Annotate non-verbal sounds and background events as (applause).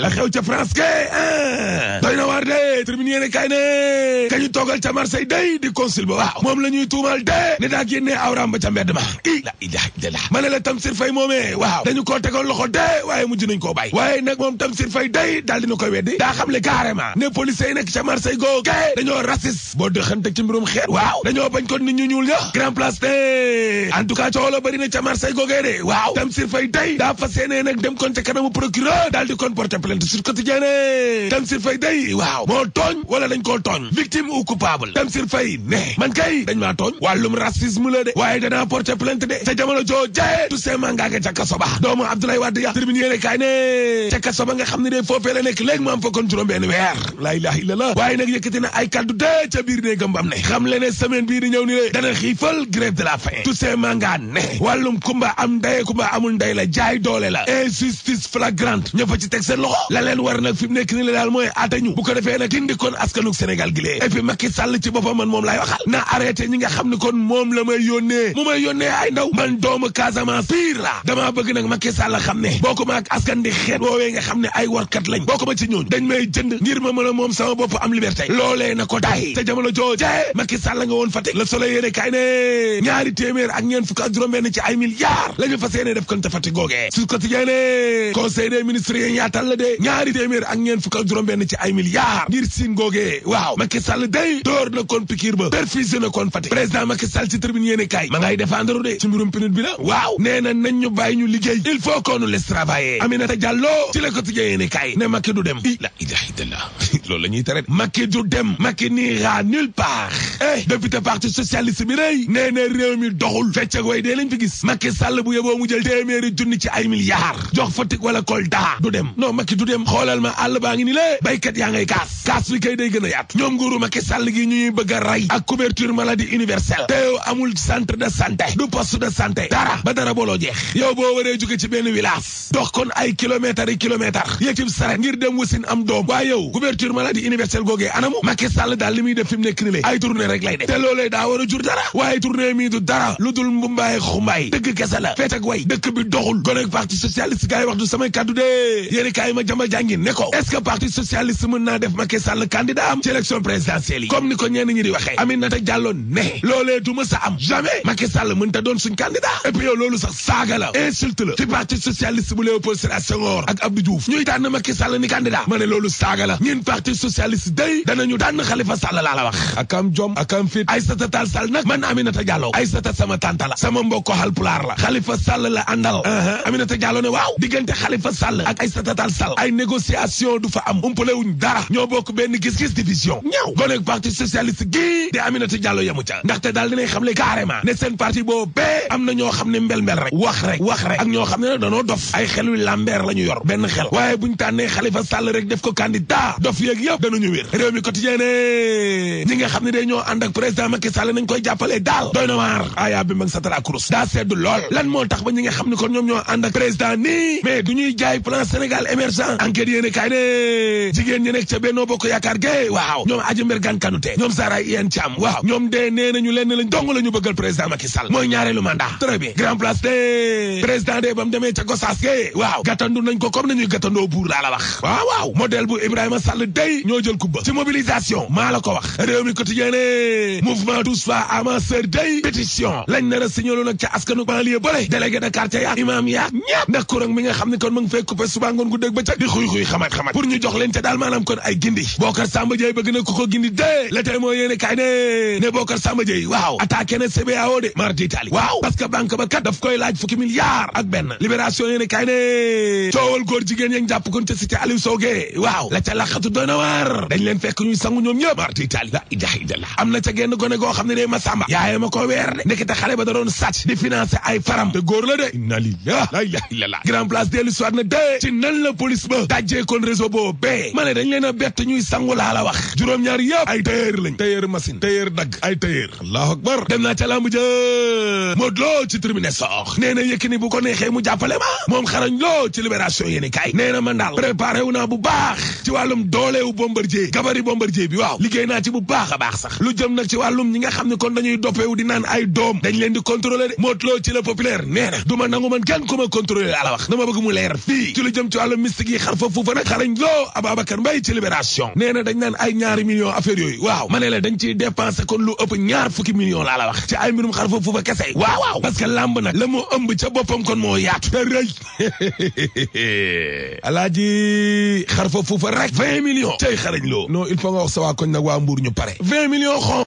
la xew ca France ke ah, doy na waar de waaye tribune yéene kay ne kañu toogal ca Marseille day di consul ba waaw moom la ñuy tuumal de ne daa génne awraam ba ca mbedd ma i la ilaha illallah ma ne la Tamsir Faye moomee waaw dañu koo tegoon loxo de waaye mujj nañ koo bàyyi waaye nag moom Tamsir Faye day daal dina koy weddi daa xam le carrément ne policiers yi nekk ca Marseille goo kay dañoo raciste boo dëxante ci mbirum waaw dañoo bañ ko nit ñu ñuul ña grand place de en tout cas coow la bëri na ca Marseille googee de waaw Tamsir Faye day daa fas yéene nag dem kon ca kanamu procureur tooñ wala dañ koo tooñ victime ou coupable Tamsir Faye ne man kay dañ maa tooñ wàllum racisme la de waaye danaa porter plainte de sa jamono joo jaye Toussaint Manga ca kaso ba doomu Abdoulaye Wade ya kaay ne ca kaso nga xam ne de foofee la nekk léegi mu am fa kon weer laa ilaha waaye nag yëkkati na ay kaddu de ca biir ne gëmbam ne xam le semaine bii di ñëw ni le dana xiifal grève de la faim Toussaint Manga ne wàllum doole la injustice flagrante ña fa ci teg seen loxo gindi kon askanuk Sénégal gi lee et puis Macky Sall ci boppam man moom laay waxal na arrêté ñi nga xam ne kon moom la may yónnee mu may la damaa bëgg nag Macky Sall xam ne boo ko maak askan di xeet woowee ma ci ñooñu jënd ngir ma mën a moom sama bopp am liberté loolee na ko daay te jamono joojee Macky Sall woon Fatick Le Soleil yéene kaay ne ñaari téeméer ak ñeen fukk ak juróom-benn ci ay milliards la ñu fas def kon te Fatick googee su ko conseil des ministres yi yaatal la de ñaari téeméer ak ñeen fukk juróom-benn ci ay milliards piir siin waaw Macky Sall day door na kon pikiir ba perfusé na kon Fatick président Macky Sall ci tribune yéene kaay ma ngay défendre de ci mbirum pinut bi la waaw nee na nañ ñu bàyyi ñu liggéey il faut qu'on nous laisse travailler Aminata Diallo ci la quotidien yéene kaay ne Macky du dem i la ilaha illallah (laughs) loolu la ñuy tere Macky du dem Macky n'ira nulle part eh député parti socialiste bi day nee na réew mi doxul feccak way dee lañ fi gis Macky Sall bu yeboo mu jël téeméeri ci ay milliards jox Fatick wala Kolda du dem non Macky du dem xoolal ma àll baa ngi ni yaa ngay kaas saas wi kay day gën a ñoom nguuru Macky Sall gi ñuy bëgg a rey ak couverture maladie universelle te yow amul centre de santé du poste de santé dara ba dara booloo jeex yow boo waree jóge ci benn village dox kon ay kilomètres yi kilomètres yëkkib saret ngir dem wasin am doom waaye yow couverture maladie universelle googee anamu Macky Sall daal li muy def fi nekk ni ay tournée rek lay def te loolee daa war jur dara waaye tournée mii du dara lu dul mbumbaay dëgg kese la dëkk bi doxul kon ak parti du samay kaddu dee que parti socialiste mën naa Sall candidat am ci élection présidentielle yi comme ni ko ñenn ñi di waxee Aminata Diallo ne loolee du ma sa am jamais Macky Sall mënta doon suñ candidat et puis loolu sax saaga la insulte la ci parti socialiste bu Léopold Sédar Senghor ak Abdou Diouf ñuy tànn Macky Sall ni candidat ma ne loolu saaga la ñun parti socialiste day danañu tànn Khalifa Sall laa la wax akam jom akam fit Aïssata Tall Sall nag man Aminata Diallo Aïssata sama tànta sama mbokk Haalpulaar la Khalifa bokk benn gis-gis division ñëw goneg parti socialiste gi di Aminata Diallo yamu ca ndaxte daal dinañ xam le carrément ne seen parti boobee am na ñoo xam ne mbel-mbel rek wax rek wax rek ak ñoo xam ne ne danoo dof ay xelu lambeer la ñu yor benn xel waaye buñ tànnee Khalifa Sall rek def ko candidat dof yeeg yëpp danañu wér réew mi quotidien ne ñi nga xam ne day ñoo ànd ak président Macky Sall nañ koy jàppale daal doy na waar aya bi mag satara kurus daa seddu lool lan moo tax ba ñi nga xam ne kon ñoom ñoo ànd ak bokk yaakaar gay waaw ñoom aji mbir gànkanute ñoom Zahra Iyane Thiam waaw ñoom dee nee nañu lenn lañ dong la ñu bëggal président Macky Sall mooy ñaareelu mandat très bien grand place de président de ba demee ca Gossas gay waaw gàttandu nañ ko comme nañuy gàttandoo buur laa la wax waaw waaw modèle bu Ibrahima Sall day ñoo jël kubba ci mobilisation maa la ko wax réew mi quotidien mouvement tous fa amanceur day pétition lañ nar a signaloo nag ca askanu banlieue bële délégué de Bocar Samba Dieye bëgg na ku ko gindi dee la tey moo yéene kaay ne ne Bocar Samba Dieye waaw attaqué na CBAO de mardi Italie waaw parce que ba kat daf koy laaj fukki milliards ak benn libération yéene kaay ne coowal góor jigéen yéen jàpp kon ca cité Aliou Sogé waaw la ca laxatu doona waar dañ leen fekk ñuy sangu ñoom ñëpp mardi Italie la ilaha illallah am dee ma sàmba na dee ci nan la police ba dajjee kon réseau boo bee leen a ñuy ñuy ala wax juróom-ñaar yëpp ay tailleur lañ tailleur machine tailleur dag ay tailleur allahu akbar dem na ci lamb je modlo ci tribune sox neena yekini bu ko neexee mu jàppale ma mom xarañ lo ci libération yene kay neena man dal préparé wuna bu baax ci wàllum wu bombardier gabari bombardier bi waw liggéey na ci bu baax a baax sax lu jëm nak ci walum ñi nga xamni kon dañuy wu di naan ay dom dañ leen di contrôler modlo ci le populaire neena duma nangu man kenn kuma contrôler ala wax dama bëgg mu leer fi ci lu jëm ci walum mystique yi xar fa fuufa xarañ lo ababakar mbay ci libération millions na dañ naan ay ñaari millions affaire yooyu waaw ma ne la dañ ciy dépensé kon lu ëpp ñaar fukki millions laa wax ci ay mbirum xar fa fu fa kese waaw waaw parce que làmb nag la moo ëmb ca boppam kon moo yaat te rëy (laughs) alaaji xar fa fu fa rek vingt millions tey xarañ loo non il faut nga wax sa koñ nag waa mbuur ñu pare vingt millions xon